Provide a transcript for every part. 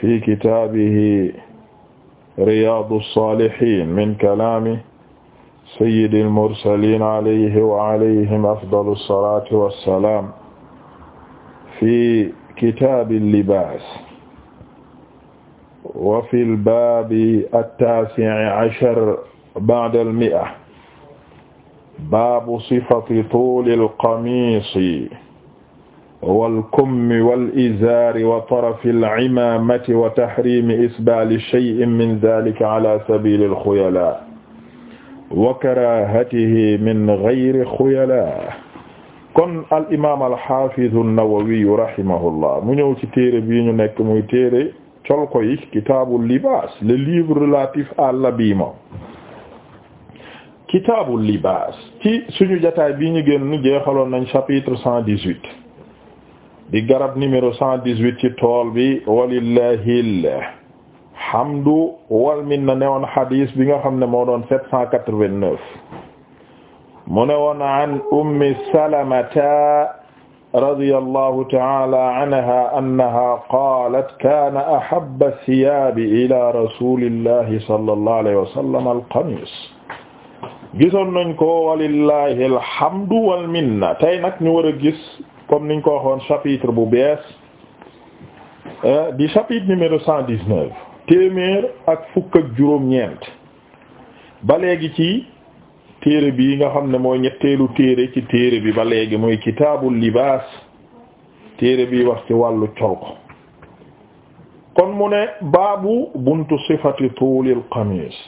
fi kitaabihi riyaadu saalihiin min kalaami sayyidil mursaliin alayhi wa alayhim afdalu salaati wa salaam fi kitaabi libaas wa fil baabi at-taasi'i cashar ba'dal mi'a baabu sifati tuulil qamiisi wal kummi wal izaari wa tarafil imaamati wa tahriimi isbaali shay'in min zaalika ala sabiilil xuyalaa wa karaahatihi min gayri xuyalaa kon al imaam al xaafizu nawawi rahimahullah mu ñëw ci téere bii ñu nekk muy téere colko yi kitaabu libaas le livre relatif à l'habillement kitaabu libaas ci suñu jotaay bii ñu génn jeexaloon nañ chapitre cent dix-huit di garab numéro cent dix-huit ci tool bi walillahil hamdu wal minna newoon hadis bi nga xam ne moo doon sept cent quatre-vingt-neuf mu newoon an ummi salamata radiyallahu ta'ala anha annaha qalat kana ahabba thiyabi ila rasulillahi sallallahu alayhi wa sallam al-qamis gisoon nañ ko walillahi alhamdu wal minna tey nag ñu war a gis comme niñ ko waxoon chapitre bu bees euh, di chapitre numéro cent dix-neuf téeméer ak fukk ak juróom-ñeent ba léegi ci téere bi nga xam ne mooy ñetteelu téere ci téere bi ba léegi muy kitaabul libaas téere biy wax ci wàllu col kon mu ne baabu buntu sifati tuulil qamis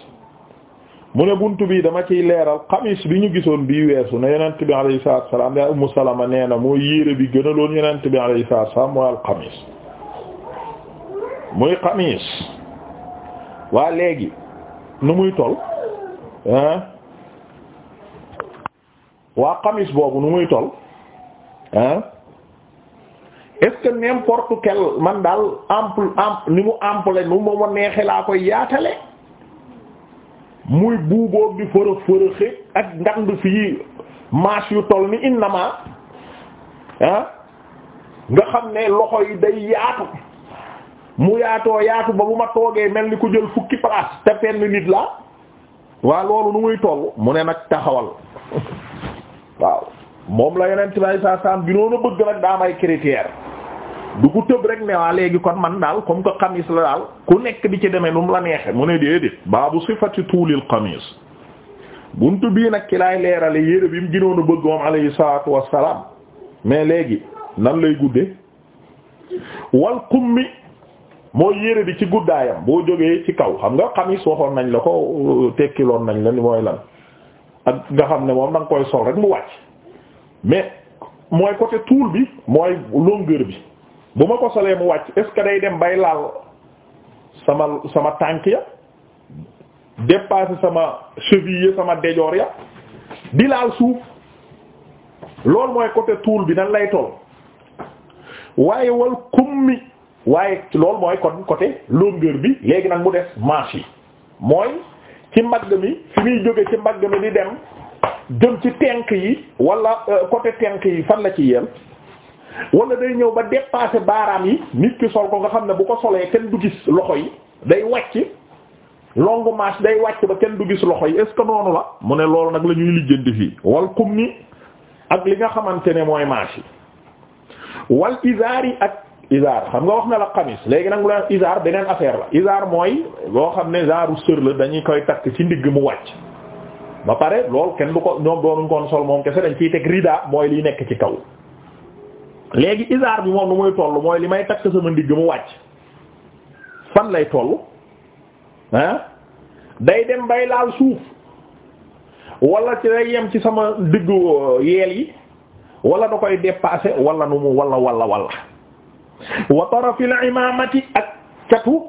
mu ne bunt bii dama ciy leeral xamis bi ñu gisoon bii weesu ne yonent bi alayhi salaatu salaam yaa Ummu Salama nee na moo yéere bi gën a loon yonent bi alayhi salaatu salaam mooy alxamis muy xamis waa léegi nu muy tol ah waa xamis boobu nu muy tol ah est-ce que man daal ample ample ni mu ample nu mu ma neexee laa koy yaatale muy buuboo di fërëx fërëxee ak ngand fii maas yu toll ni innama ah nga xam ne loxo yi day yaatu mu yaatoo yaatu ba bu ma toogee mel ni ku jël fukki place te fenn nit la waa loolu nu muy toll mu ne nag taxawal waaw moom la yeneen ci may saa saam bi noonu bëgg nag daa may critère du ko tëb rek ne waa léegi kon man daal comme que xamis la daal ku nekk di ci demee nu mu la neexe mu ne déedéet baabu sifati tuulil xamis buntu bii nag ki laay leerale yére bi mu gënoon a bëgg moom alayhi salaatu wassalaam mais léegi nan lay guddee wal qummi mooy yére bi ci guddaayam boo jógee ci kaw xam nga xamis waxoon nañ la ko tekkiloon nañ la ni mooy lan ak nga xam ne moom da nga koy sol rek mu wàcc mais mooy côté tuul bi mooy longueur bi bu ma ko solee mu wàcc est ce que day dem bay laal sama sama tànk ya dépasser sama cheville ya sama dejoor ya di laal suuf loolu mooy côté tuul bi nan lay toll waaye wal kummi waaye loolu mooy kon côté longueur bi léegi nag mu des manche yi mooy ci mbagg mi fi muy jóge ci mbagg mi di dem jëm ci tenk yi wala euh, côté tenk yi fan la ci yem wala day ñëw ba dépasser baaraam yi nit ki sol ko nga xam ne bu ko solee kenn du gis loxo yi day wàcc longue marche day wàcc ba kenn du gis loxo yi est-ce noonu la mu ne loolu nag la ñuy lijjanti fii wal kum ni ak li nga xamante ne mooy marche yi wal izaar yi ak izaar xam nga wax na la xamis léegi nag mu la izaar beneen affaire la izaar mooy loo xam ne zaaru sër la dañuy koy takk ci ndigg mu wàcc ba pare loolu kenn du ko ñoom doonuñ koon sol moom kese dañ ciy teg rida mooy liy nekk ci kaw léegi isaar bi moom lu muy toll mooy li may takk sama ndigg mu wàcc fan lay toll ah day dem bay laal suuf wala ci day yem ci sama ndiggu euh, yeel yi walla da koy dépasser wala nu mu walla walla wala wa tarafil imamati ak catu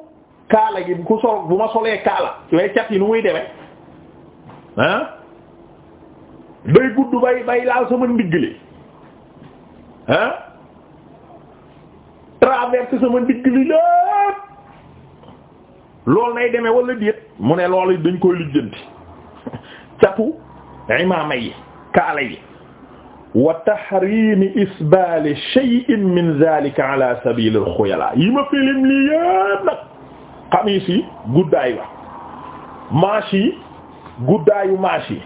kaala gi ku sol bu ma solee kaala way cat yi nu muy demee ah day gudd bay bay laal sama ndigg li ah traverse sama dikk li lépp mu ne lool dañ koy lijjanti catu imaama yi kaala wa tahrimi isbali shay'in min zalika ala sabil al ma filim lii yépp nag xamiis yi guddaay wa manche yi guddaayu manche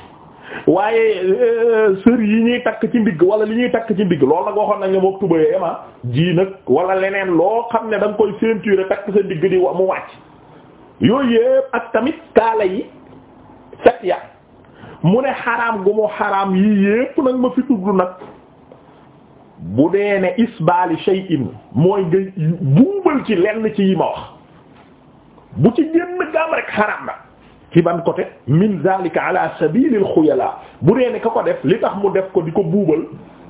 waaye euh, sër yi ñuy takk ci ndigg wala li ñuy takk ci ndigg loolu nag waxoon nañ ne moo tuba ema ji nag wala leneen loo xam ne da nga koy ceinture takk sa ndigg di mu wàcc yooyu yëpp ak tamit kaala yi fet ya mu ne xaraam gu mu xaraam yii yëpp nag ma fi tudd nag bu dee ne isbaali shay'in mooy nga buubal ci lenn ci yi ma wax bu ci génn gaam rek xaraam na ci ban côté min zalika ala sabilil xuyala bu dee ne ka ko def li tax mu def ko di ko buubal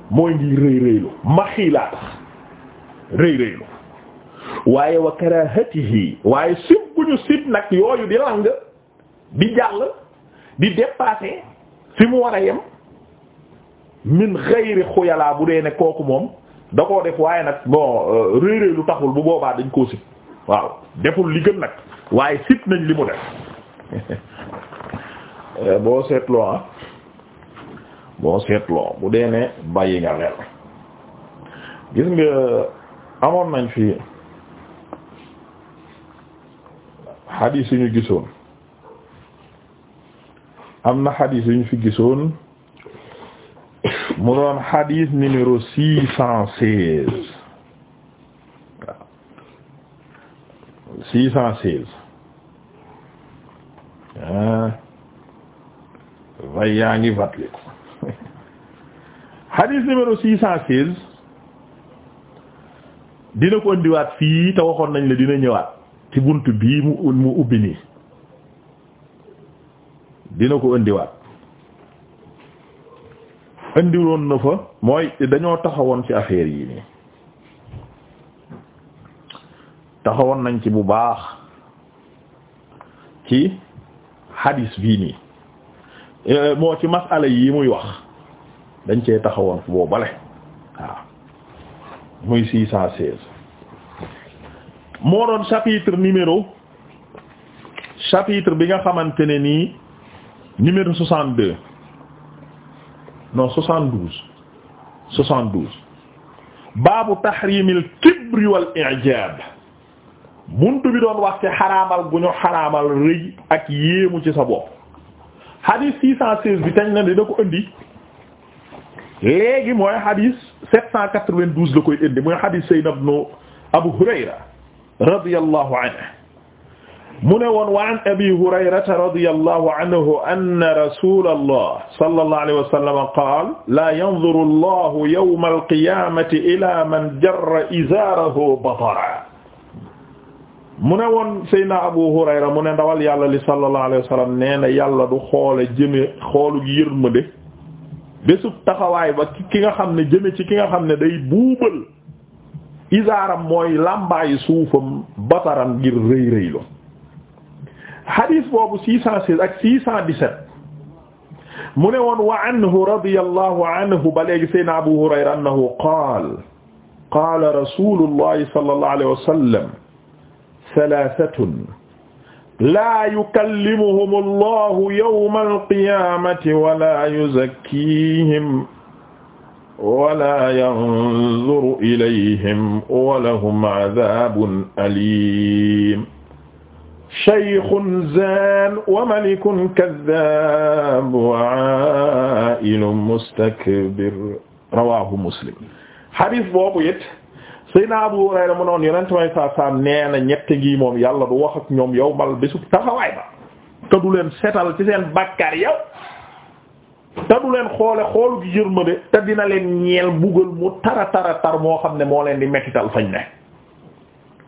mooy ngi rëy rëylu maxiilaa tax rëy rëylu waaye wa karahatihi waaye sib bu ñu sib nag yooyu di lang di jàll di dépasser fi mu war a yem min xayri xuyalaa bu dee ne kooku moom da koo def waaye nag bon euh, rëy rëylu taxul bu boobaa dañ koo sib waaw deful li gën nag waaye sib nañ li mu def boo seetloo ah. boo seetloo bu dee ne bàyyi nga xel gis nga amoon nañ fi xadiis yu ñu gisoon am na xadiis yu ñu fi gisoon mu doon xadiis numéro six cent seize waaw cent seize Ah. way yaa ngi fàttaliku hadith numéro six cent seize dina ko indiwaat fii te waxoon nañ la dina ñëwaat ci bunt bii mu mu ubbi nii dina ko indiwaat indiwoon na fa mooy dañoo taxawoon ci affaire yi nii taxawoon nañ ci bu baax ki hadis bii nii euh, moo ci masala yi muy wax dañ cee taxawoon fu boo bale waaw muy six cent seize moo doon chapitre numéro chapitre bi nga xamante ne nii numéro soixante deux non soixante douze soixante douze baabu tahrimil kibri wal i'jab buntu bi doon wax ci xaraamal bu ñu xaraamal rëy ak yéemu ci sa bopp hadis 616 bi tañ na dina ko indi léegi mooy hadis 792 la koy indi mooy hadis Sayyidina Abu Hurayra radiyallahu anhu mu ne woon wa an Abi Hurayrata radiyallahu anhu anna rasulallah sallallahu alayhi wa sallam qaala laa yanzuru Allahu yawma al man jarra izaarahu batara mu ne woon Seydina Abu Hurayra mu ne ndawal yàlla li sallallahu alayhi wa sallam nee na yàlla du xoole jëme xoolu yërmande bésub taxawaay ba ki nga xam ne jëme ci ki nga xam ne day buubal isaaram mooy làmbaayu suufam basaram ngir rëy rëylu xadiis boobu 616 ak 617 mu ne woon wa anhu radiyallahu anhu ba léegi Seydina Abu Hurayra annahu qaal qaala rasulullahi sallallahu alayhi wa sallam salaasatun laa yukallimuhum allahu yawma alqiyamati wala yuzakkiihim wala yanzuru ilayhim walahum aadabun alim shaykhun zaan wa malikun kaddaab wa aa'ilun mustakbir rawahu muslim hadis boobu it Seydina Abu Hurayra mu noon yonent may saa saa nee na ñett ngi moom yàlla du wax ak ñoom yow mal bésu taxawaay ba te du leen setal ci seen bàkkaar yow te du leen xoole xoolu gi yër yërmande te dina leen ñeel mbugal mu tara tara tar moo xam ne moo leen di mettital fañ ne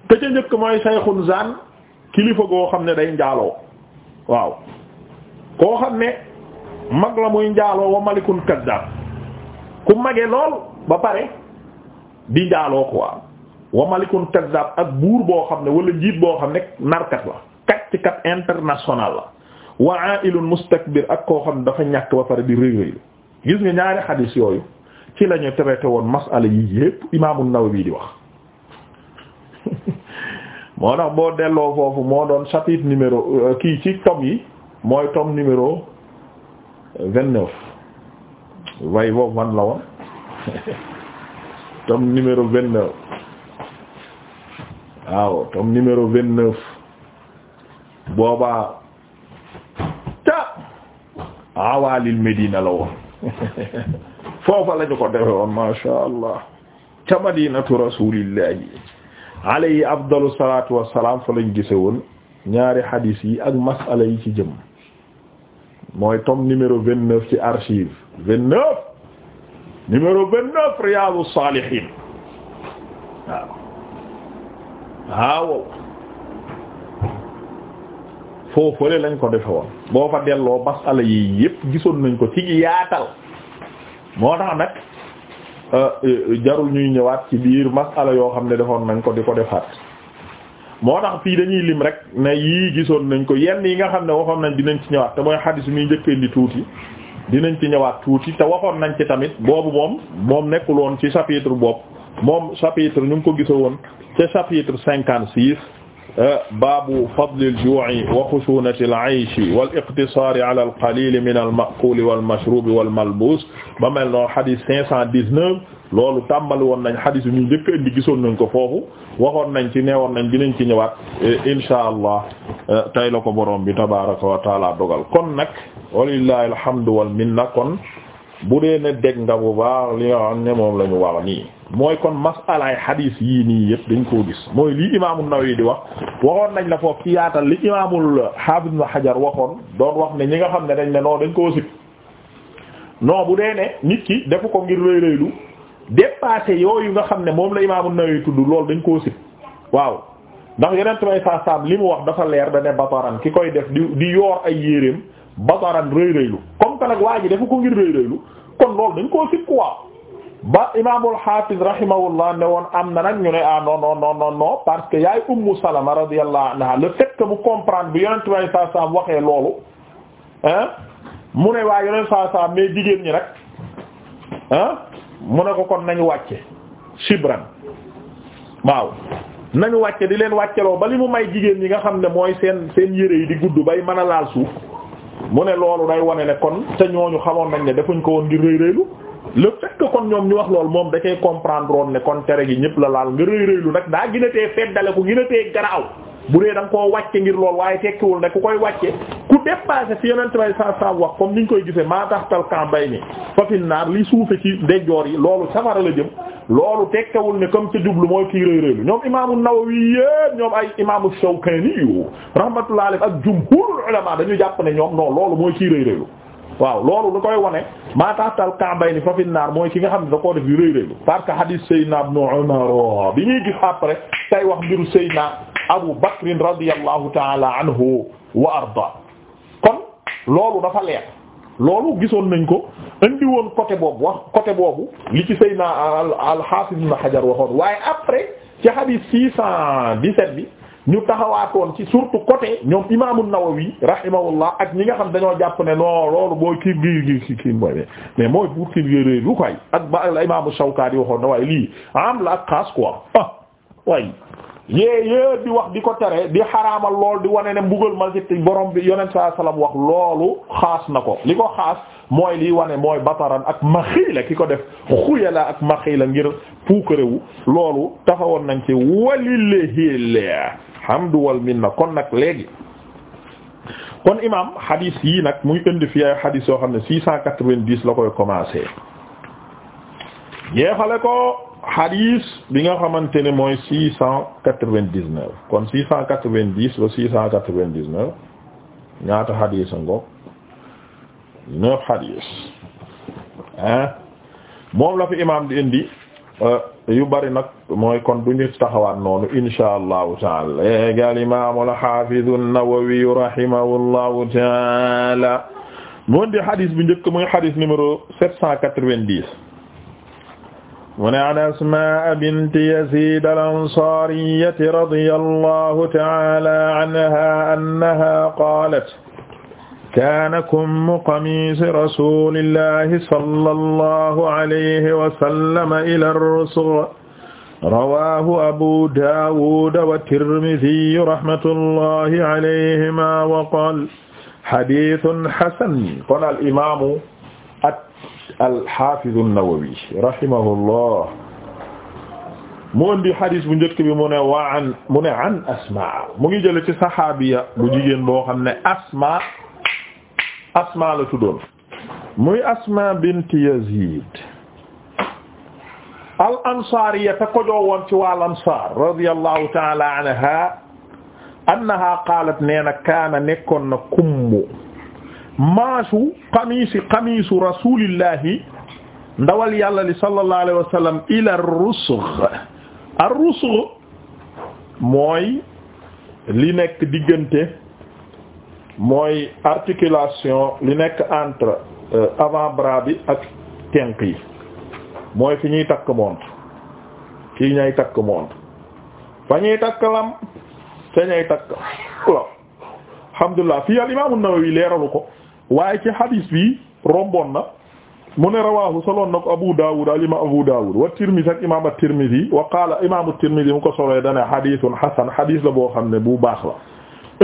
te ca njëkk mooy sayxun zaan kilifa goo xam ne day njaaloo waaw koo xam ne mag la muy njaaloo wa malikun kaddaab ku mage lool ba pare di njaaloo quoi wa malikun kaddaab ak buur boo xam ne wala jiit boo xam ne narkat la kacc kat international la wa ailun mustakbir ak koo xam ne dafa ñàkk ba pare di rëy rëy gis nga ñaari xadis yooyu ci la ñu traité woon masala yi yépp imaamu Nawawi di wax moo tax boo delloo foofu moo doon chapitre numéro euh, kii ci tome yi mooy tome numéro vingt neuf way boobu la woon tome numéro vingt-neuf waaw tome numéro vingt-neuf booba ca awalil Medina la woon foofa lañu ko defe woon ma sha Allah ca madinatu rasulillahi alayhi afdalu salatu wassalam fa lañ gise woon ñaari hadis yi ak masala yi ci jëm mooy tom numéro vingt-neuf ci archive vingt-neuf numéro vingt-neuf Riyadou Salihine waaw waaw foofale lañ ko defe woon boo fa delloo masala yi yépp gisoon nañ ko ci yaatal moo tax nag euh, euh, jarul ñuy ñëwaat ci biir masala yoo xam ne defoon nañ ko di ko defaat moo tax fii dañuy lim rek ne yii gisoon nañ ko yenn yi nga xam ne waxoon nañ dinañ ci ñëwaat te mooy xadis muy njëkkee ni tuuti dinañ ci ñëwaat tuuti te waxoon nañ ci tamit boobu moom moom nekkul woon ci chapitre bopp moom chapitre ñu ngi ko gisa woon ca chapitre cinquante six euh, baabu fadli al-ju'i wa xushunati al-'ayshi wal-iqtisaari ala al-qalili min al-ma'kuli wal-mashrubi wal-malbus ba mel noonu xadis cinq cent dix-neuf loolu tàmbali woon nañ xadis yi ñu njëkk indi gisoon nañ ko foofu waxoon nañ ci neewoon nañ dinañ ci ñëwaat euh, inshaa allah euh, tey la ko borom bi tabaraka wa taala dogal kon nag walillahi alhamdu wal minna kon bu dee ne dégg nga bu baax li nga xam ne moom lañu ñu wax nii mooy kon masalaay xadiis yii nii yëpp dañ koo gis mooy li imaamu Nawawi di wax waxoon nañ la foofu ci yaatal li imaamul Haafis Ibn xajar waxoon doon wax ne ñi nga xam ne dañ ne non dañ koo sib non bu dee ne nit ki defu ko ngir rëy rëylu dépassé yooyu nga xam ne moom la imaamu Nawawi tudd loolu dañ koo sib waaw ndax yeneen bay sa sam li mu wax dafa leer da ne ki koy def di di ay yéreem bataran rëy rëylu comme que nag waa ji dafa ko ngir rëy rëylu kon loolu dañ koo sib quoi ba imaamul hafiz rahimahullah ne woon am na nag ñu ne ah non non parce que yaay ummu salama radiyallahu anha le fait que mu comprendre bu yonent way saa saam waxee loolu ah mu ne waa yonent saa saam mais jigéen ñi nag mu ne ko kon nañu wàcce shibran waaw nañu wàcce di leen wàcceloo ba li mu may jigéen ñi nga xam ne mooy seen seen yére yi di gudd bay mën a laal suuf mu ne loolu day wane ne kon te ñu xamoon nañ ne defuñ ko woon ngir rëy rëylu le fait kon ñoom ñu wax lool moom da koy comprendre woon ne kon tere gi ñëpp la laal nga rëy rëylu nag daa gën tee feddale ko gën a tee garaaw bu dee da koo wàcce ngir lool waaye tekkiwul ne ku koy wàcce ku dépassé fi yonent bay sa sa wax comme niñ koy gisee maa tax tal kambay ni fa fi naar li suufe ci ndeyjoor yi loolu safara la jëm loolu tekkewul ne comme ca jublu mooy kii rëy rëylu ñoom imaamu Nawawi yépp ñoom ay imaamu Shawkani yu rahmatullahi alayhi ak jumhurul ulama dañu jàpp ne ñoom non loolu mooy kii rëy rëylu waaw loolu da koy wane maa tahtal ka'bayni fa fi naar mooy ki nga xam ne da koo def yu rëy rëylu parce que hadith Sayyidina Ibn Umar bi ñuy gis après tey wax mbiru Sayyidina Abu Bakr radiyallahu ta'ala anhu wa arda kon loolu dafa leer loolu gisoon nañ ko indi woon côté boobu wax côté boobu li ci sey Seydina al-Hafiz Ibn Hajar waxoon waaye après ci hadith 617 bi ñu taxawaatoon ci surtout côté ñoom imaamu Nawawi rahimahullah ak ñi nga xam dañoo jàpp ne non loolu booy kii gi gi kii mooy mais mooy pour kii bi lu koy ak ba imaamu Shawkaani waxoon na waaye lii am la ak xaas quoi ah waaye. yée yée di wax di ko tere di xaraamal lool di wane ne bugal ma ci borom bi yonent saa salaam wax loolu xaas na ko li ko xaas mooy liy wane mooy bataran ak maxiila ki ko def la ak maxiila ngir puukarewu loolu taxawoon nañ ci walillahi du wal minna kon nag léegi kon imam hadis yii nag muy indi fi ay hadis yoo xam ne six cent quatre vingt la koy commencer jeexale ko hadis bi nga xamante ne mooy six cent kon six cent quatre-vingt-dix ba six moom la fi imam di indi euh, yu bari nag mooy kon du ñu taxawaat noonu insha allahu taala léegi al imam al hafiz an-Nawawi taala moon di hadis bi njëkk mooy hadis numéro mu ne an asmaa binti yazid al-ansaariyati radiya allahu taala anha annaha qaalat kaana kummu qamiisi rasuulillahi sallallahu alayhi wa sallam ila ar-rusul rawaahu abu daawuda wa tirmiziyu rahmatullahi alayhimaa wa qaala hadiisun hasan qaala al-imaamu al-Hafiz an-Nawawi rahimahullah mu indi hadis bu njëkk bi mu ne waa an mu ne an Asmaa mu ngi jële ci saxaabiya bu jigéen boo xam ne Asmaa Asmaa la tuddoon muy Asmaa bint Yazid al ansaariya te ko joowoon ci waa al ansaar radiyallahu ta'ala anha annaha qaalat nee na kaana nekkoon na kummu maasu qamiisi qamiisu rasulillahi ndawal yàlla li sallallahu alayhi wa sallam ila rusgh ar-rusgh mooy li nekk diggante mooy articulation li nekk entre euh, avant-bras bi ak tenk yi mooy fi ñuy takk montre fi ñuy takk montre fa ñuy takk lam fa ñuy takk law alhamdulillah al imam nawawi leeralu ko waaye ci hadis bi romboon na mu ne rawahu soloon na ko Abu Dawud al imam Abu Dawud wa Tirmidhi imam at-Tirmidhi wa imam at-Tirmidhi mu ko soloy dane hadithun hasan hadis la boo xam ne bu baax la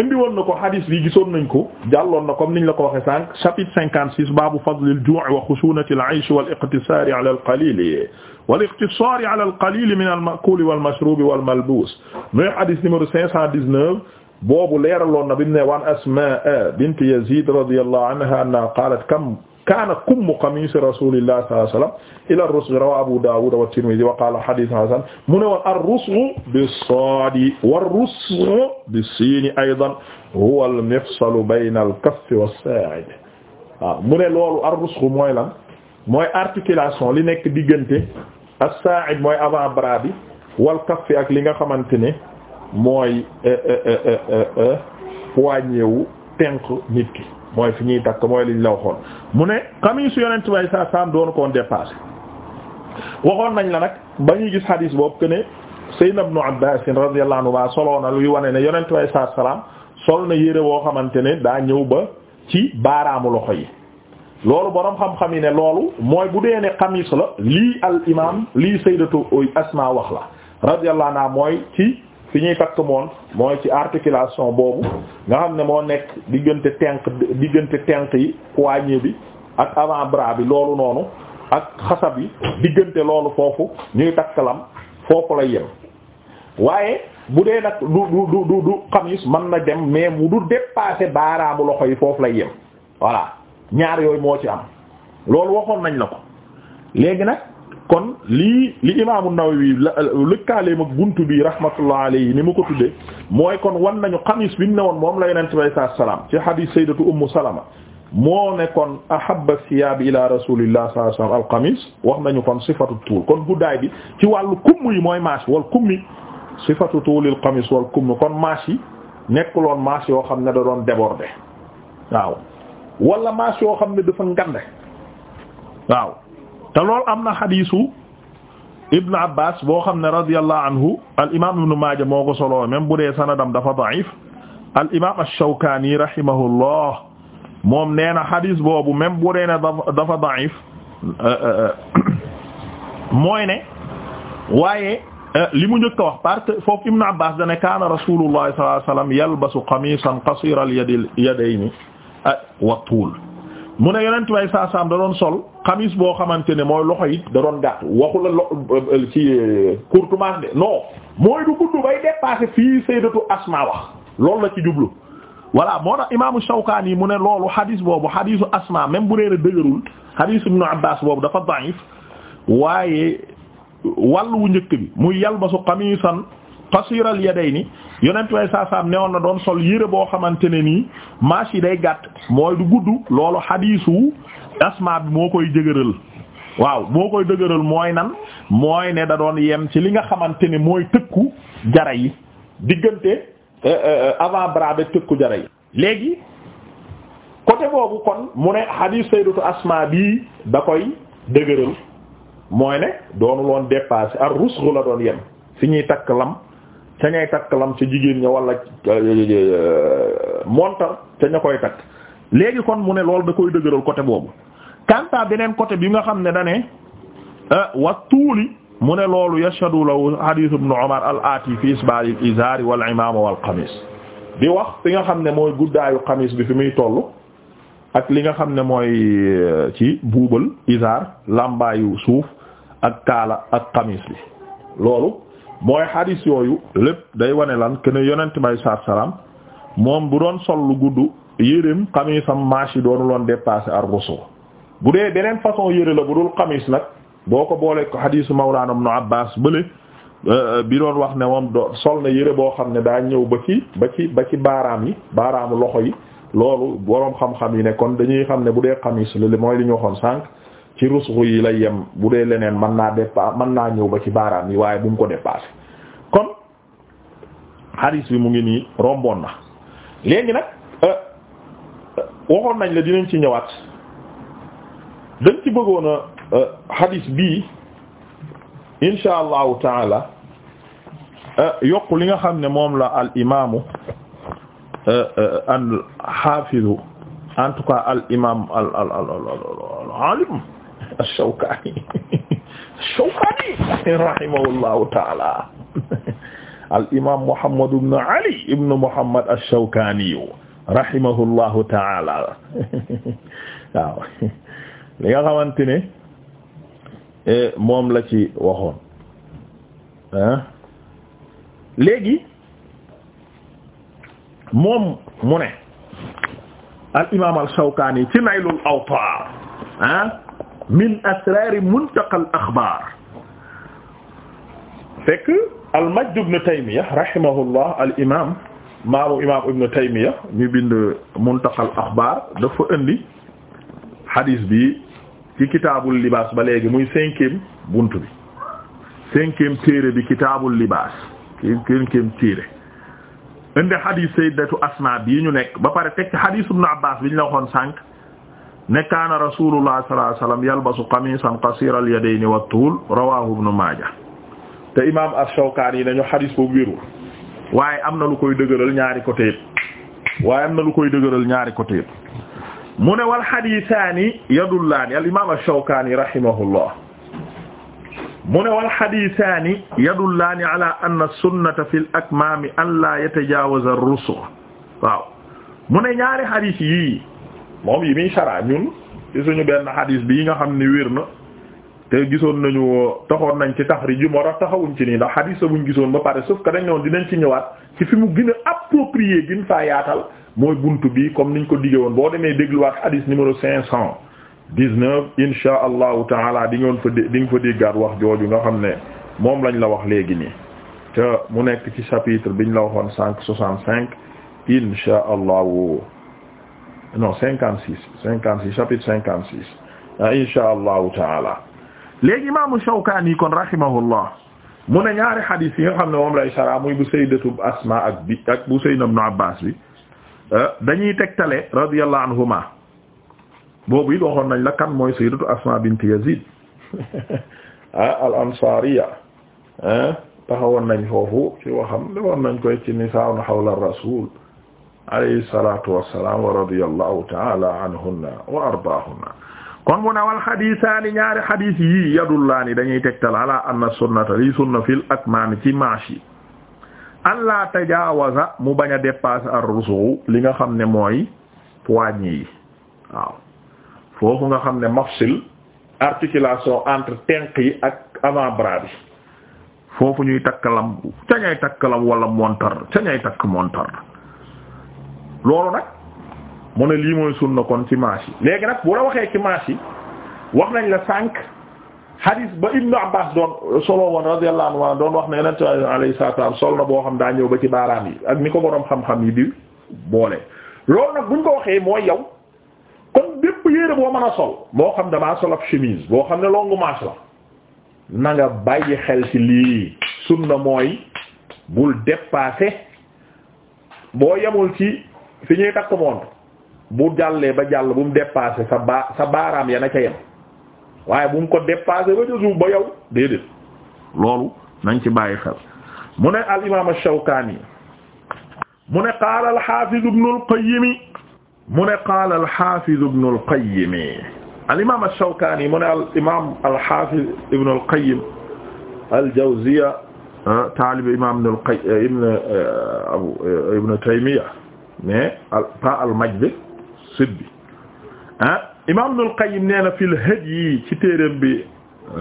indi woon na ko hadis bi gisoon nañ ko jàlloon na comme niñ la ko waxe sànq chapitre cinquante six baabu fadl al-ju' wa khushunati al-'aysh wal iqtisar 'ala al-qalil wal iqtisar a al-qalil min al-ma'kul wal mashrub wal malbus muy hadis numéro cinq cent boobu leeraloon na bi mu ne waan Asmaa bint Yazid radiyallahu anha anna qaalat kam kaana kummu qamiisi rasuulillah sallallahu alayhi wa sallam ila rusghi rawaahu Abu Daawud wa Tirmidhi wa qaala hadiisun hasan mu ne woon ar-rusghu bis-saadi war-rusghu bis-siini aydan huwa al-mifsalu bayna al-kaffi was-saa'id waaw mu ne loolu ar-rusghu mooy lan mooy articulation li nekk diggante as-saa'id mooy avant-bras bi wal-kaffi ak li nga xamante ne. mooy eh, eh, eh, poignée wu tenk nit ki mooy fi ñuy takk mooy liñ la waxoon mu ne xamiisu yonent bay sa saam doon koon dépassé waxoon nañ la nag ba ñuy gis hadis boobu que ne Sayyidina Ibnu Abbaas radiyallahu anhu ma soloo na luy wane ne yonent bay sa salaam sol na yére woo xamante ne daa ñëw ba ci baaraamu loxo yi loolu boroom xam-xam yi ne loolu mooy bu dee ne xamiis la lii al imaam lii Sayyidatu Asmaa wax la radiyallahu anha mooy ci fi ñuy takk moom mooy ci articulation boobu nga xam ne moo nekk diggante tenq diggante tenq yi poignée bi ak avant bras bi loolu noonu ak xasab yi diggante loolu foofu ñuy takk lam foofu lay yem waaye bu dee nag du du du du xamis mën na dem mais mu du dépasser baaraamu loxo yi foofu lay yem voilà ñaar yooyu moo ci am loolu waxoon nañ la ko léegi nag kon lii li imaamu Nawawi lëkkaaleem ak bunt bi rahmatullah alayhi ni mu ko tuddee mooy kon wan nañu xamis bi mu ne woon moom lay yonent bi sallallahu alayhi salaam ci hadith sayyidatu ummu salama moo ne kon ahabba siyaab ila rasulillah sallallahu alayhi wasallam alxamis wax nañu kon sifatu tuul kon guddaay bi ci wàllu kumm yi mooy manche wal kummi sifatu tuulil xamis wal kumm kon manche yi nekkuloon manche yoo xam ne da doon déborder waaw wala manche yoo xam ne dafa ngande waaw te loolu am na xadiisu Ibn Abbas boo xam ne radiyallahu anhu al imaam Ibn Maaja moo ko solo même bu dee sanadam dafa da'if al imaam ash-Shawkaani rahimahullah moom nee na xadiis boobu même bu dee ne dafa da'if euh, euh, euh, mooy ne waaye li mu njëkk a wax parce que foofu Ibn Abbas dane kaana Rasuulullahi sallallahu alayhi wa sallam yalbasu qamiisan qasiira al-yadayni wa tuul mu ne yonent way saa saam da doon sol xamis boo xamante ne mooy loxo yi da doon gàtt waxu la lo euh, ci euh, courtement de non mooy du gudd bay dépassé fii sayyidatu Asma wax loolu la ci jublu voilà moo tax imaamu Shawkaani mu ne loolu hadis boobu hadisu Asma même bu reena dëgërul hadisu Ibnu Abbaas boobu dafa da'if waaye wàll wu njëkk bi muy yalbasu xamisan qasiral yadayni yonent way saasaam newoon na doon sol yére boo xamante ne nii manches yi day gàtt mooy du gudd loolu xadiisu asmaa bi moo koy jëgëral waaw moo koy dëgëral mooy nan mooy ne da doon yem ci li nga xamante ne mooy tëkku jara yi diggante euh, euh, euh, avant brad ba tëkku jara yi léegi côté boobu kon mu ne hadith sayyidatu asma bii da koy dëgëral mooy ne doonu loon dépasser ar rusxu la doon yem fi ñuy takk lam ca ngay takk lam ca jigéen ña wala euh, euh, euh, montar ca ña koy takk léegi kon mu ne loolu da koy dëgëral côté boobu kanta beneen côté bi nga xam ne dane wa tuuli mu ne loolu yashhadu lahu hadith ibn umar al ati fi isbal al izar wal imama wal qamis di wax fi nga xam ne mooy guddaayu xamiis bi fi muy toll ak li nga xam ne mooy ci buubal izar lambaayu suuf ak kaala ak qamis bi loolu mooy xadis yooyu lépp day wane lan kene yonent may saa salaam moom bu doon sol lu gudd yéreem xamisam manche yi doonu loon dépassé ar rusul bu dee beneen façon yére la bu dul xamiis nag boo ko boolee ko xadisu mawlaana ibnu Abbaas bële euh, euh, bi doon wax ne moom do sol na yére boo xam ne daa ñëw ba ci ba ci ba ci baaraam yi baaraamu loxo yi loolu boroom xam-xam yi ne kon dañuy xam ne bu dee xamis la mooy li ñu waxoon sànq ci rusxu yi lay yem bu dee leneen man naa dépa man naa ñëw ba ci baaraam yi waaye bu mu ko dépassé kon hadis bi mu ngi nii romboon na léegi nag euh, euh, woxoon nañ la dinañ ci ñëwaat dañ ci bëggoon a euh, hadis bii insha allahu taala yokk li nga xam ne moom la al imaamu al xaafidu en tout cas al imaam al al al alim ash-Shawkani ash-Shawkani rahimahullahu ta'ala al imaam Muhammad ibn Ali ibn Muhammad ash-Shawkani rahimahullahu ta'ala waaw li nga xamante ne eh, moom la ci waxoon ah léegi moom mu ne al imaam al-Shawkani ci Naylul Awtar ah min asraari muntaqal axbaar fekk al-Majd ibn Taymiyya rahimahullah al imaam maamu imaam ibn Taymiyya ñu bind muntaqal axbaar dafa indi hadith bi ci kitaabul libaas ba léegi muy cinquième buntu bi cinquième téere bi kitaabul libaas cinquième téere indi hadith sayyidatu Asmaa bii ñu nekk ba pare teg ci hadith Abbaas bi ñu la waxoon sànq. ne kaana rasulullah sallallahu alayhi wasallam yalbasu qamisan qasira al yadayni wa tuul rawahu ibnu maaja te imam ash-Shawkaani dañu xadis boobu wérul waaye am na lu koy dëgëral ñaari côté yëpp waaye am na lu koy dëgëral ñaari côté yëpp mu ne wal xadisaani yadullaani al imam ash-Shawkaani rahimahullah mu ne wal xadisaani yadullaani ala anna sunnata fi l akmaami an la yatajaawaza ar-rusul waaw mu ne ñaari xadis yii moom yi muy chara ñun ci suñu benn xadiis bi yi nga xam ni wér na te gisoon nañu taxoon nañ ci taxrij yu moo tax taxawuñ ci nii ndax xadiis buñ gisoon ba pare sauf que dañ ne woon dinañ ci ñëwaat ci fi mu gën a approprié gën faa yaatal mooy bunt bi comme niñ ko diggee woon boo demee dégluwaat xadiis numéro cinq cent dix-neuf insha allahu taala di nga fa di nga fa déggaat wax jooju nga xam ne moom lañ la wax léegi nii te mu nekk ci chapitre biñ la waxoon cinq soixante-cinq insha allahu non cinquante six cinquante six chapitre cinquante six insha allahu taala léegi imaamu Shawkaani kon rahimahullah mu ne ñaari xadiis yi nga xam ne moom lay sara muy bu sayyidatu Asma ak bi ak bu sayyidna ibnu Abbaas bi eh, dañuy tegtale radiyallahu anhuma boobu it waxoon nañ la kan mooy sayyidatu Asma bint Yazid ah, al ansaariya eh, taxawoon nañ foofu ci waxam waxoon nañ koy ci nisaa hawla rasul alayhi salatu wassalam wa radiyallahu ta'ala anhunna wa ardaahunna kon mu nawal xadisaani ñaari xadis yi yadullaani dañuy tegtal ala anna sunnata li sunna fil akmaami ci manche yi allah tajaawaza mu bañ a dépasser ar-rusu li nga xam ne mooy poignée yi waaw foofu nga xam ne mafsil articulation entre tenq yi ak avant-bras bi foofu ñuy takk lam ca ñay takk lam wala montar ca ñay takk montar loolu nag mu ne lii mooy sunna kon ci manche yi léegi nag bu la waxee ci manche yi wax nañ la sànq hadis ba Ibnu Abbas doon solo woon radiyallahu anhu wa doon wax ne yonent alayhi salaatu wa salaam sol na boo xam daa ñëw ba ci baaraam yi ak ni ko boroom xam-xam yi di boole. loolu nag buñ ko waxee mooy yow kon bépp yére boo mën a sol boo xam damaa sol ab chemise boo xam ne longue manche la na nga bàyyi xel ci lii sunna mooy bul dépasser boo yemul ci. fi ñuy takk montre bu jàllee ba jàll bu mu dépassé sa baa sa baaraam ya na ca yem waaye bu mu ko dépassé ba ca suuf ba yow déedéet loolu nañ ci bàyyi xel mu ne al imaam ash-Shawkaani mu ne qaala al-Haafiz ibn al-Qayyim mu ne qaala al-Haafiz ibn al-Qayyim al imaam ash-Shawkaani mu ne al imaam al-Haafiz ibn al-Qayyim al-Jawziyya ah, taalibu imaam ibn eh, eh, Taymiyya mais al pas al majd sët bi ah imaam Ibnul Qayyim nee na fil hadyi ci téereem bi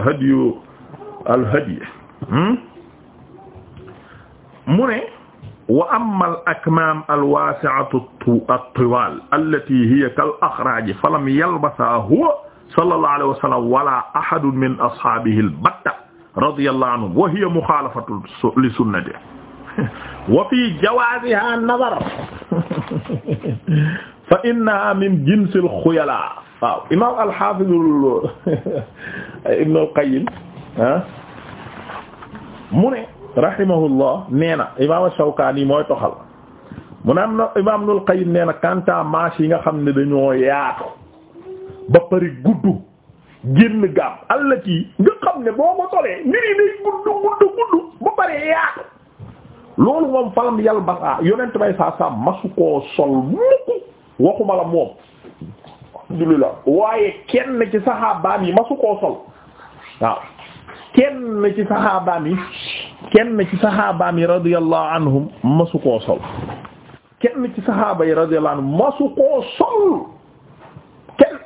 hadyu al hadyi hmm? mu ne wa amma al akmaam al waasi'atu at-tiwaal allatii hiya kal axraaji falam yalbashaa huwa sallallahu alayhi wa sallam wala ahadun min ashaabihi al-batta radiyallahu anhu wa hiya muxaalafatu li sunnatihi wa fi jawaaziha nazar fa innaha min jinsil xuyala waaw imam al-Hafiz Ibn al-Qayyim ah mu ne rahimahullah nee na imam Shawkaani mooy toxal mu ne am na imam Ibn al-Qayyim nee na kanta mache yi nga xam ne dañoo yaatu ba pare gudd génn gàpp allati nga xam ne boo ko solee mbir yi day gudd gudd gudd ba pare yaatu loolu moom falam yal basaa ah, yonent bay saa saa masu koo sol mukk waxuma la moom waaye kenn ci saxaabaam yi masu koo sol waaw kenn ci saxaabaam yi kenn ci saxaabaam yi radiyallahu anhum masu koo sol kenn ci saxaaba yi radiyallahu anhum masu koo sol kenn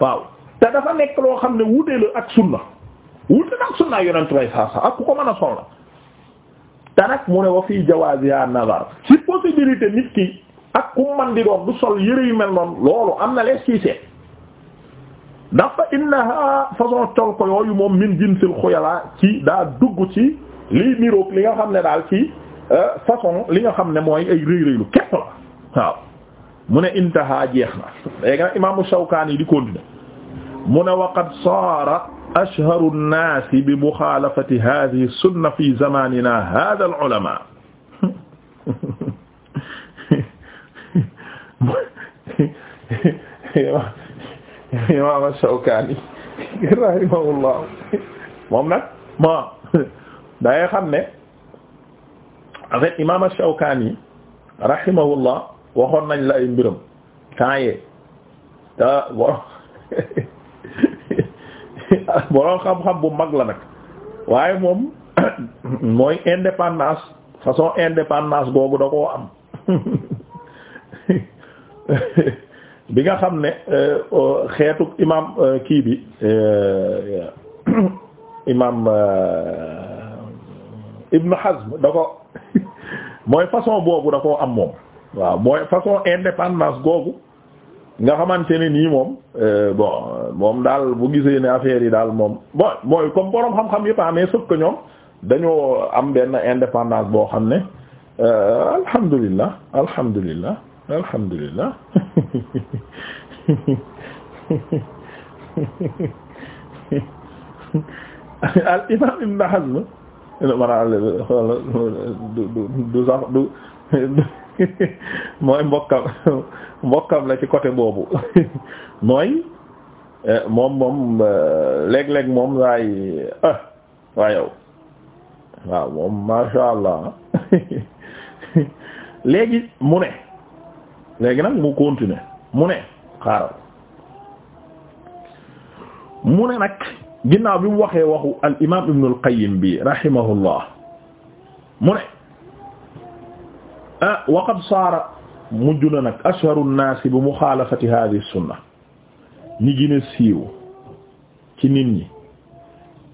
waaw te dafa nekk loo xam ne wute la ak sunna wute la ak sunna yonent bay saa saa ak ku ko mën a sol la te nag mu ne wa fii jawaaziha nazar ci possibilité nit ki ak ku man du sol yëre yu mel noonu loolu am na lees ciy seet ndax fa innaha façon col yooyu moom min jinsil xuyala ci daa dugg ci liy niroog li nga xam ne daal ci euh, façon li nga xam ne mooy ay rëy rëylu képp la waaw mu ne intaha jeex na léegi nag imaamu Shawkaani di continuer mu ne waqad saara ashharu nnaasi bi muxaalafati haadihi sunna fi zamaanina haada al-ulamaa imaam Ash-Shawkaani rahimahullah moom nag bon da ngay xam ne en fait imaam Ash-Shawkaani rahimahullah waxoon nañ la ay mbiram temps yee te borom xam-xam bu mag la nag waaye moom mooy indépendance façon indépendance googu da koo am bi nga xam ne euh, euh, xeetu imam euh, kii bi imam Ibn Hazm da ko mooy façon boobu da koo am moom waaw mooy façon indépendance googu nga xamante ne nii moom euh, bon moom daal bu gisee ne affaire yi daal moom bon mooy comme boroom xam-xam yëpp amee ah, sauf que ñoom dañoo am benn indépendance boo xam ne euh, alhamdulillah alhamdulillah alhamdulillah al imam Ibn Hazm du sax du mooy mbokkam mbokkam la ci côté boobu mooy eh, moom moom eh, léeg-léeg moom laay ah waaw moom masha allah léegi mu ne léegi nag mu continuer mu ne xaaral mu ne nag ginnaaw bi mu waxee waxu al imaam ibnul qayyim bi rahimahullah mu ne ah waqad saara mujj na nag ashharu nnaasi bi muxaalafati hadhihi sunna ñi gën a siiw ci nit ñi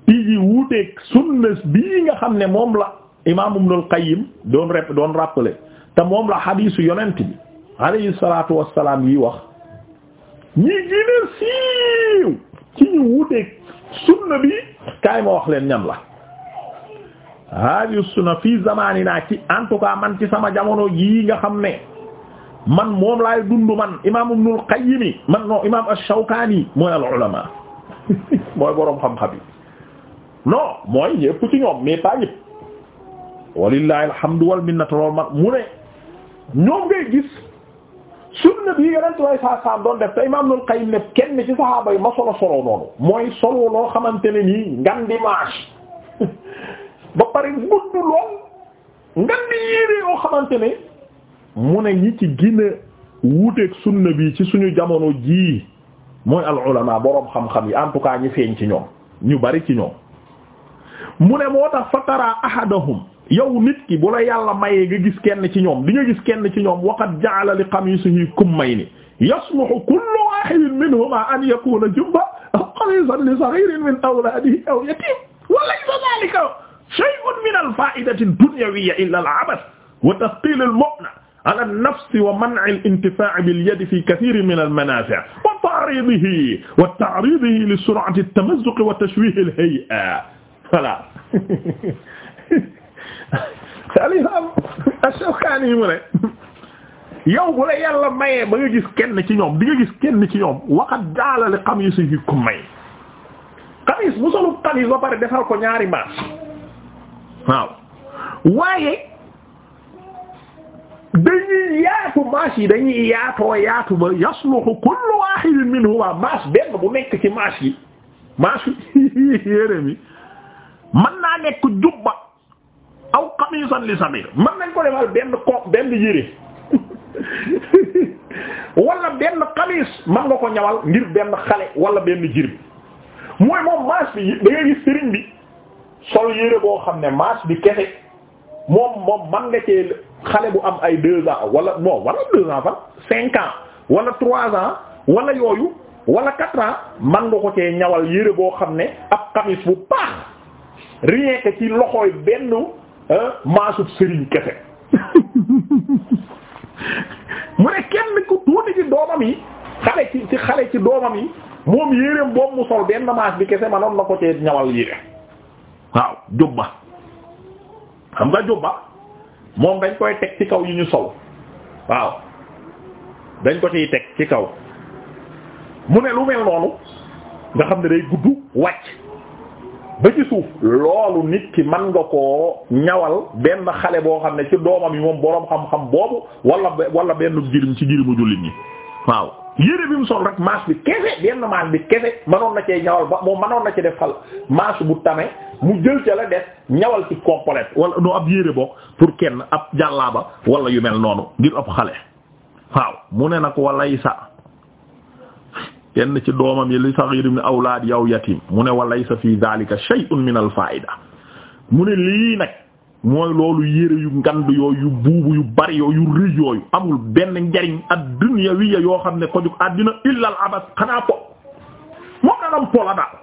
i ji wuuteeg sunna bii nga xam ne moom la imaam Ibnul Qayyim doon rep doon rappelé te moom la xadiisu yonent bi alayhi salaatu wassalaam yi wax ñi gën siiw ci ñu wuuteeg sunna bi kaay ma wax leen ñam la hadi sunna fii zamanina ci en tout man ci sama jamono jii nga xam ne man moom laay dund man imam ibnul qayyim man non imam mooy al ulama mooy boroom xam-xam yi non mooy ñëpp ci ñoom mais pas ñëpp alhamdu wal minnatu loolu mu ne ñoom ngay gis sunna bi yonent way saa saam doon def te imam ibnul ne kenn ci sahaaba ma solo solo noonu mooy solo loo xamante ne nii ngan dimanche ba pare gudd lool nga ni yoo xamante ne mu ne ñi ci gina wuuteeg sunna bi ci suñu jamono jii mooy al ulama boroom xam-xam yi en tout cas ñi feeñ ci ñoom ñu bari ci ñoom mu ne moo tax fatara ahadahum yow nit ki bu la yàlla mayee nga gis kenn ci ñoom di nga gis kenn ci ñoom waqad ja'ala li qamisihi kummayni yasluhu kullu wahidin minhuma an yakuna jubba aw qamisan li saghirin min awladihi aw yatim wa laysa dhalika shay'un min al-fa'idati ad-dunyawiyya illa al-'abath wa tathqil al-mu'na 'ala an-nafs wa man' al-intifa' bil-yad fi kathirin min al-manafi' wa ta'ridihi wa ta'ridihi li sur'ati at-tamazzuq wa tashwih al-hay'a voilà al-imam ash-Shawkani mu ne yow bu la yàlla mayee ba nga gis kenn ci ñoom di nga gis kenn ci ñoom waqad ja'ala li qamisihi kummay qamis bu solu qamis ba pare defal ko ñaari maas waaw waaye dañuy yaatu maas yi dañuy yaatoo yaatu ba yasluhu kullu wahidin minhuma maas benn bu nekk ci maas yi maas yére mi mën naa nekk jubba aw xamisan li samir mën nañ ko defal benn ko benn yére wala benn xamis mën nga ko ñawal ngir benn xale wala benn jirib mooy moom maas bi da ngay gis sëriñ bi sol yére boo xam ne maas bi kese moom moom man nga cee xale bu am ay deux ans wala non wala deux ans fan cinq ans wala trois ans wala yooyu wala quatre ans man nga ko cee ñawal yére boo xam ne ab kamis bu baax rien que ci loxooy benn euh, maasub sëriñ kese mu ne kenn ku tuuti ci doomam yi xale ci ci xale ci doomam yi moom yéreem boobu mu sol benn maas bi kese manoon na ko cee ñawal yére waaw jubba xam nga jubba moom dañ koy teg ci kaw yu ñu sol waaw dañ ko ciy teg ci kaw mu ne lu mel noonu nga xam ne day gudd wàcc ba ci suuf loolu nit ki man nga koo ñawal benn xale boo xam ne ci doomam yi moom boroom xam-xam boobu wala wala benn jirim ci jirimu jullit ñi waaw yére bi mu sol rek maas bi kese benn maas bi kese mënoon na cee ñawal ba moom mënoon na ci defal maas bu tame mu jël ca la des ñawal ci complet wala noo ab yére bokk pour kenn ab jàllaaba wala yu mel noonu ngir ab xale waaw mu ne nag walay sa kenn ci doomam yi li saghir min awlaad yow yatim mu ne walay sa fii daalika shay'un min al faayida mu ne lii nag mooy loolu yére yu ngand yooyu yu buubu yu bari yooyu yu rëy yooyu amul benn njariñ ad-dunya yoo xam ne ko jug àddina illa abas xanaa po moo dalam pola daal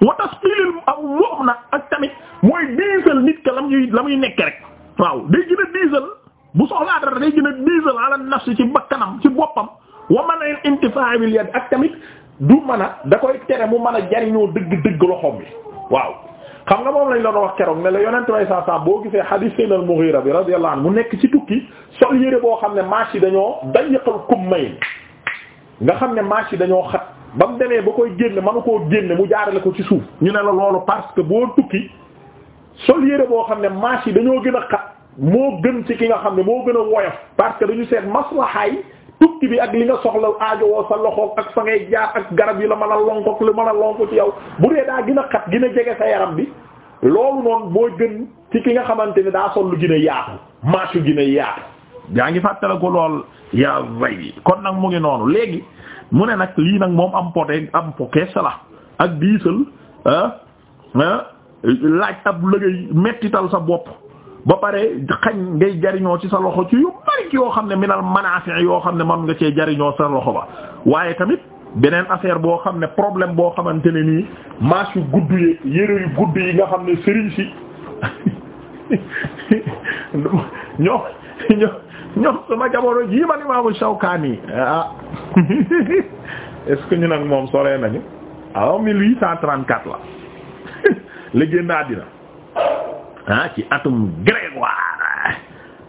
wa tasqilil mu'mina ak tamit mooy diisal nit ka la muy la muy nekke rek waaw day gën a diisal bu soxlaa dara day gën a diisal ala nafsi ci bakkanam ci boppam wa man al intifaa bil ak tamit du mën a da koy tere mu mën a jariñoo dëgg dëgg loxoom bi waaw. xam nga moom lañ la doon wax keroog ne la yonent way saa saa boo gisee hadith seen al Mughira bi radiyallahu anhu mu nekk ci tukki sol yére boo xam ne manches yi dañoo dañu yëqal may nga xam ne manches yi dañoo xat. ba mu demee ba koy génne manu koo génne mu jaarale ko ci suuf ñu ne la loolu parce que boo tukki sol yére boo xam ne manches yi dañoo gën a xat moo gën ci ki nga xam ne moo gën a woyof parce que dañu seet maslahaay tukki bi ak li nga soxla aajo woo sa loxo ak fa ak garab yi la mën a lonkook lu a lonko ci yow bu dee a xat gën a jege sa bi loolu moo gën ci ki nga xamante ne daa sol lu gën a yaatu manche yu gën a yaatu yaa ngi fàttale ko lool yaa vay kon nag mu ngi noonu léegi mu ne nag lii nag moom am poté am pokees la ak diisal ah, ah, laaj ab lëgëy mettital sa bopp ba pare xañ ngay jariñoo ci sa loxo ci yu bari yoo xam ne minal manaafi yoo xam ne man nga cee jariñoo sa loxo ba waaye tamit beneen affaire boo xam ne problème boo xamante ne nii manches yu gudd yi yére yu gudd yi nga xam ne sëriñ si ñoo ñoo ñoom sama jamono jii man imaamu Shawkaani ah est-ce ñu nag moom soree nañu alors ah, mille huit cent trente-quatre la la génn àddina ah ci atum grégoire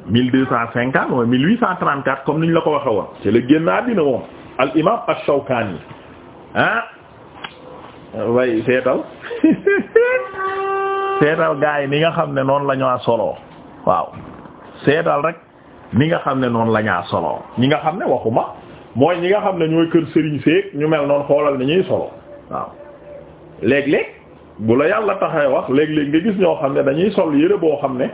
mille deux cent cinquante mooy mille huit cent trente-quatre comme ni ñu la ko waxe woon ci la génn àddina moom al imaam ash-Shawkaani ah way seetal seetal gaa yi ni nga xam ne noonu la ñu a waaw seetal rek ni nga xam ne noonu la ñaa solo ñi nga xam ne waxuma mooy ñi nga xam ne ñooy kër sëriñ seeg ñu mel noonu xoolal ni ñuy solo waaw léeg-léeg bu la yàlla taxee wax léeg-léeg nga gis ñoo xam ne dañuy sol yére boo xam ne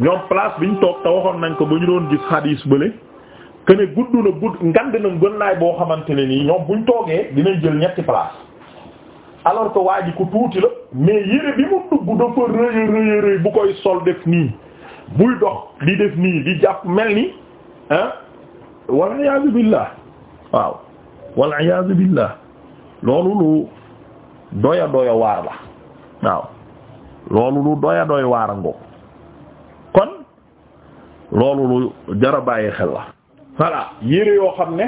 ñoom bi ñu toog te waxoon nañ ko ba ñu doon gis xadiis bële que ne gudd na gudd ngand na gën naay boo xamante ne nii ñoom buñ toogee dinañ jël ñetti place alors ko waa ji ku tuuti la mais yére bi mu dugg dafa rëy rëy rëy bu koy sol def nii muy dox di def nii di jàpp mel ni ah wal iyaazu billah waaw wal iyaazu billah loolu lu doya waar la waaw loolu lu doya doy waar kon loolu lu jara bàyyi xel la voilà yére yoo xam ne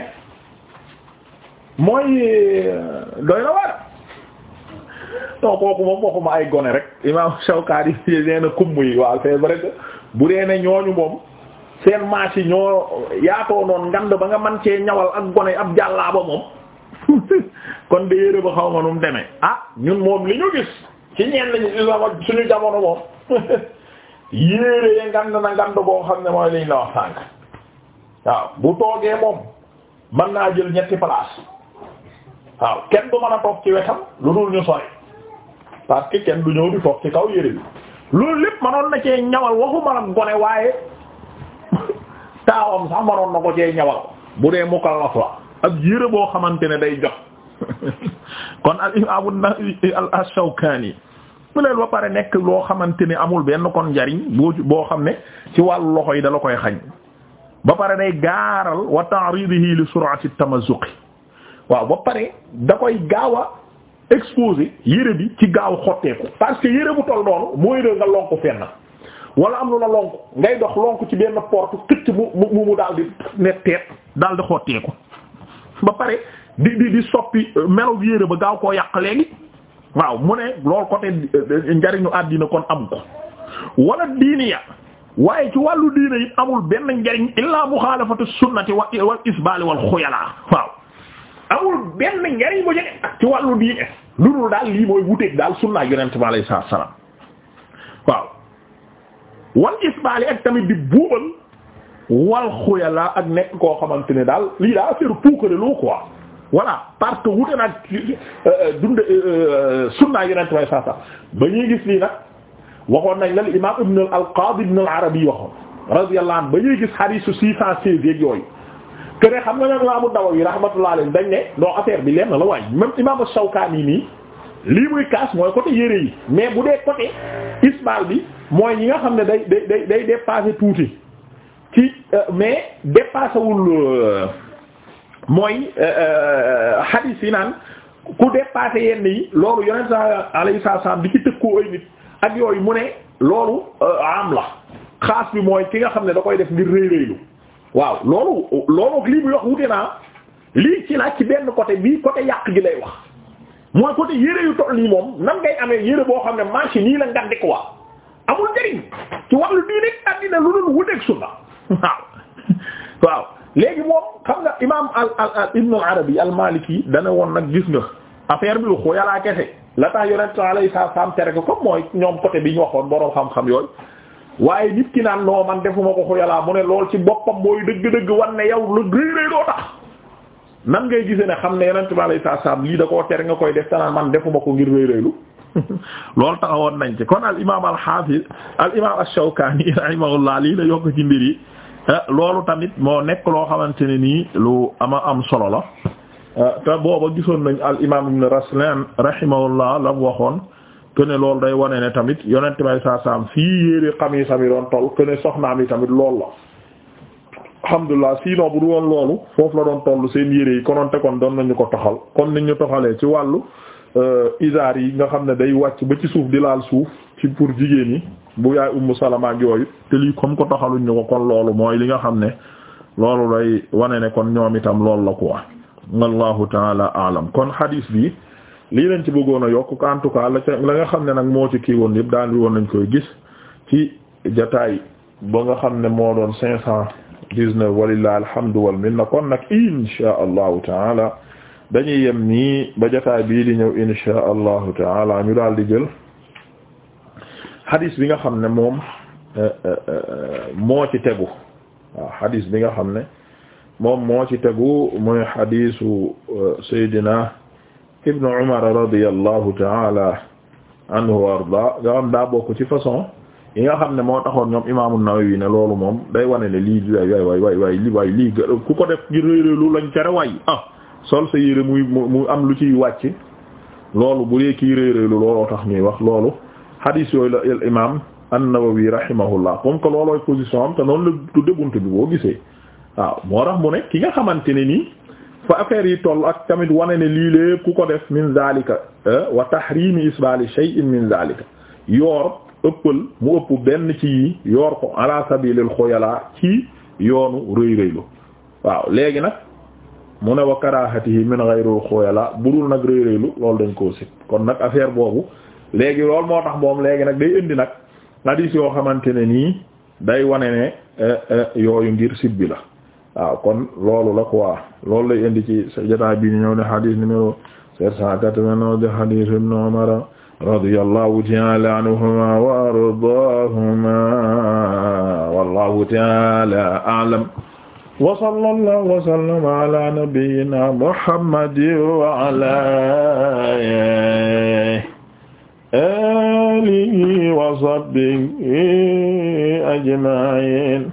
mooy euh, doy na waar non kooku moom waxuma ay gone rek imam Shawkaani yi nee na yi waaw c'est vrai bu dee ne ñooñu moom seen maas yi ñoo yaatoo noon ngand ba nga man cee ñawal ak gone ab jàllaa ba moom kon de yére ba xaw ma nu ah ñun moom li ñu gis ci ñenn ñi ci sama xam ne mooy liñ la wax bu toogee moom mën naa jël ñetti place kenn du mën a toog lu dul ñu sori parce que kenn du ñëw di toog ci kaw yére bi loolu lépp manoon na cee ñawal waxuma la gone waaye taawam sax manoon na ko cee ñawal bu dee mukallaf la ak yére boo xamante ne day jox kon al imaam al Ashawkaani ba pare nekk loo xamante ni amul benn kon njariñ boo boo xam ne ci wàllu loxo yi dala koy xañ ba pare day gaaral wa ta'ridihi li sur'ati tamazzuq waaw ba pare da koy gaawa exposé yére bi ci gaaw xotteeku parce que yére bu toll noonu mooy yére nga lonku fenn wala am lu la lonku ngay dox lonku ci benn porte këcc mu mu mu daal ne teet daal di xotteeku ba pare di di di soppi melaw yére ba gaaw koo yàq léegi waaw mu ne loolu côté euh, njariñu àddina kon am ko wala diini ya waaye ci wàllu diine yi amul benn njariñ illaa muxaalafatu sunnati wa wal isbaali wal xuyalaa waaw amul benn njariñ bu ci wàllu diine lu daal lii mooy wuteeg daal sunnaa yonent bi alayhi salaatu salaam waaw wal isbaali ak tamit di buubal wal xuyala ak nekk koo xamante ne daal lii daa affaire puukareloo quoi voilà parce que wute nag euh, euh, dund euh, sunnaa yonent bi alayhi salaam ba ñuy gis lii nag waxoon nañ la imam ibn al qaadi ibn al arabi waxoon radiyallahu anhu ba ñuy gis hadiisu six cent yooyu que ne xam nga nag Imaamu Nawawi rahmatullah alayhi dañ ne non affaire bi lenn la waaye même Imaam Shawkaani nii lii muy kaas mooy côté yére yi mais bu dee côté isbal bi mooy ñi nga xam ne day day day dépasser tuuti ci euh, mais dépasser wul euh, mooy euh, hadith yi naan ku dépasser yenn yi loolu yonent sa alayhi salaam di ci tëkkoo ay nit ak yooyu mu ne loolu am la xaas bi mooy ki nga xam ne da koy def ngir rëy rëylu waaw loolu loolu ak lii muy wax wute naa lii ci laaj ci benn côté bii côté yàq gi lay wax mooy côté yére yu toll nii moom nan ngay amee yére boo xam ne marché nii la ngandi quoi amul njëriñ ci wàllu diine àddina lu dul wuteeg sunna waaw waaw léegi moom xam nga imaam al al al ibn al arabi al maliki dana woon nag gis nga affaire bi lu xooyalaa kese la tax yonent sa salaam tere ko comme mooy ñoom côté bi ñu waxoon boroom xam-xam yooyu waaye nit ki naan noo man defuma ko xuyalaa mu ne lool ci boppam mooy dëgg-dëgg wan ne yow lu réeréer doo tax nan ngay gisee ne xam ne yeneen tubaab lay saa saam lii da koo tere nga koy def tanaan man defuma ko ngir réeréelu loolu taxawoon nañ ci kon al imaam al xaafis al imaam ash-Shawkaani rahimahullah lii la yokk ci mbir eh, loolu tamit moo nekk loo xamante ne nii lu ama am solo la eh, te booba gisoon nañ al imaam ibn Raslan rahimahullah la waxoon. ne loolu day wane ne tamit yonent bay saa saam fii yére xamiisam yi doon toll que ne soxnaam yi tamit lool la alhamdulilah sinon bu du woon loolu foofu la doon toll seen yére yi kononte kon doon nañu ko toxal comme ni ñu toxalee ci wàllu euh, isaar yi nga xam ne day wàcc ba ci suuf di laal suuf ci pour jigéen yi bu yaay ummu salama ak yooyu te lii comme ko toxaluñ ñu ko kon loolu mooy li nga xam ne loolu day wane ne kon ñoom itam loolu la quoi wallahu taala alam kon hadis bii lii lañ ci bëggoon a yokk en tout cas la la nga xam ne nag moo ci kii woon daal di woon nañ koy gis ci jataay ba nga xam ne moo doon cinq cent dix-neuf walillahi alhamdu wal minna kon nag insha allahu taala dañuy yem nii ba jataay bii di ñëw insha allahu taala ñu daal di jël hadis bi nga xam ne moom eh, eh, eh, moo ci tegu waaw bi nga xam ne moom moo ci tegu mooy hadisu Seydina ibnu Umar radiyallahu taala anhu wa arda nga xam daa bokk ci façon yi nga xam ne moo taxoon ñoom imaamu Nawawi ne loolu moom day wane ne lii waay waay waay waay waay waay lii ku ko def gi réeréelu lañ tere waay ah sol sa yére muy mu am lu ciy wàcc loolu bu dee kii réeréelu looloo tax ñuy wax loolu hadis yooyu la al imam an-Nawawi rahimahullah comme que loolooy position am te noonu la tudde bunt bi boo gisee waaw moo tax mu ne ki nga xamante ne nii fa affaire yi toll ak tamit wane ne lii lépp ku ko def min zalika eh, wa tahrimi isbali shay'in min zalika yoor ëppal mu ëpp benn ci yi yoor ko ala sabilil xoyala ci yoonu rëy rëylu waaw léegi nag mu ne wa karahatihi min ghayril xoyala budul nag rëy rëylu loolu dañ koo sit kon nag affaire boobu léegi lool moo tax moom léegi nag day indi nag hadith yoo xamante ne nii day wane ne eh, eh, yooyu ngir sib bi la waaw kon loolu la quoi loolu lay indi ci jotaay bi ñu ñëw ne hadith numéro 789 de hadith ibn Umar radiyallahu ta'ala anhuma wa ardaahuma wallahu ta'ala a'lam wa sallallahu wa sallama ala nabiyyina muhammadin wa ala alihi wa sahbihi ajma'in